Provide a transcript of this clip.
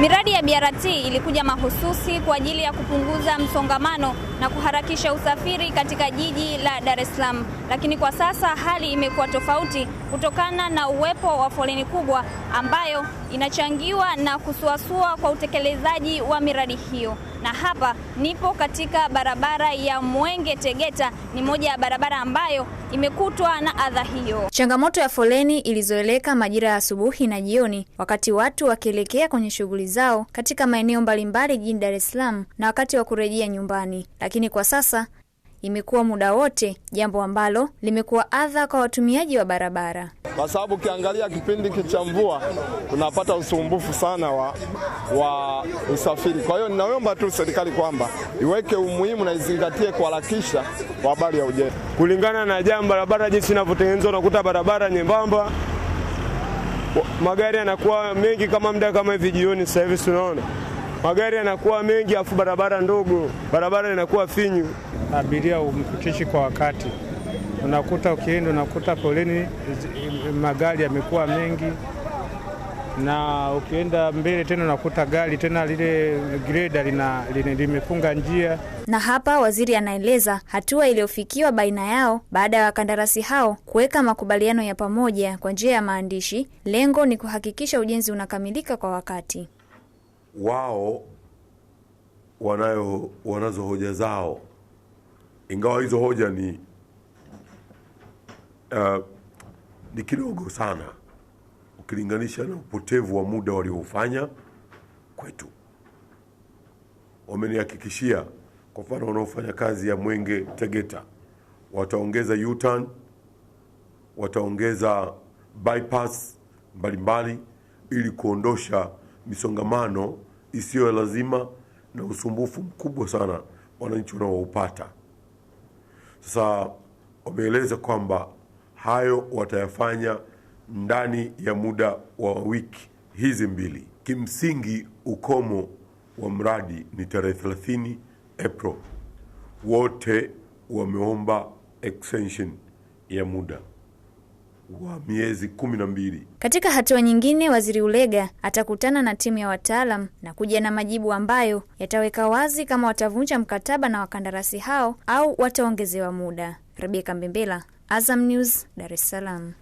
Miradi ya BRT ilikuja mahususi kwa ajili ya kupunguza msongamano na kuharakisha usafiri katika jiji la Dar es Salaam, lakini kwa sasa hali imekuwa tofauti kutokana na uwepo wa foleni kubwa ambayo inachangiwa na kusuasua kwa utekelezaji wa miradi hiyo. Na hapa nipo katika barabara ya Mwenge Tegeta, ni moja ya barabara ambayo imekutwa na adha hiyo. Changamoto ya foleni ilizoeleka majira ya asubuhi na jioni, wakati watu wakielekea kwenye shughuli zao katika maeneo mbalimbali jijini Dar es Salaam na wakati wa kurejea nyumbani, lakini kwa sasa imekuwa muda wote, jambo ambalo limekuwa adha kwa watumiaji wa barabara, kwa sababu ukiangalia kipindi cha mvua tunapata usumbufu sana wa, wa usafiri. Kwa hiyo ninaomba tu serikali kwamba iweke umuhimu na izingatie kuharakisha kwa habari ya ujenzi kulingana na jambo barabara jinsi inavyotengenezwa, unakuta barabara nyembamba magari yanakuwa mengi kama muda kama hivi jioni sasa hivi tunaona magari yanakuwa mengi, afu barabara ndogo, barabara inakuwa finyu abiria umpitishi kwa wakati. Unakuta ukienda, unakuta poleni, magari yamekuwa mengi, na ukienda mbele tena unakuta gari tena lile greda lina, lina, limefunga njia. Na hapa waziri anaeleza hatua iliyofikiwa baina yao baada ya wakandarasi hao kuweka makubaliano ya pamoja kwa njia ya maandishi. Lengo ni kuhakikisha ujenzi unakamilika kwa wakati. Wao wanayo wanazo hoja zao ingawa hizo hoja ni uh, ni kidogo sana ukilinganisha na upotevu wa muda walioufanya kwetu. Wamenihakikishia kwa mfano, wanaofanya kazi ya Mwenge Tegeta wataongeza U-turn, wataongeza bypass mbalimbali ili kuondosha misongamano isiyo lazima na usumbufu mkubwa sana wananchi wanaoupata. Sasa wameeleza kwamba hayo watayafanya ndani ya muda wa wiki hizi mbili. Kimsingi, ukomo wa mradi ni tarehe 30 April. Wote wameomba extension ya muda wa miezi kumi na mbili. Katika hatua nyingine, Waziri Ulega atakutana na timu ya wataalam na kuja na majibu ambayo yataweka wazi kama watavunja mkataba na wakandarasi hao au wataongezewa muda. Rebeka Mbembela, Azam News, Dar es Salaam.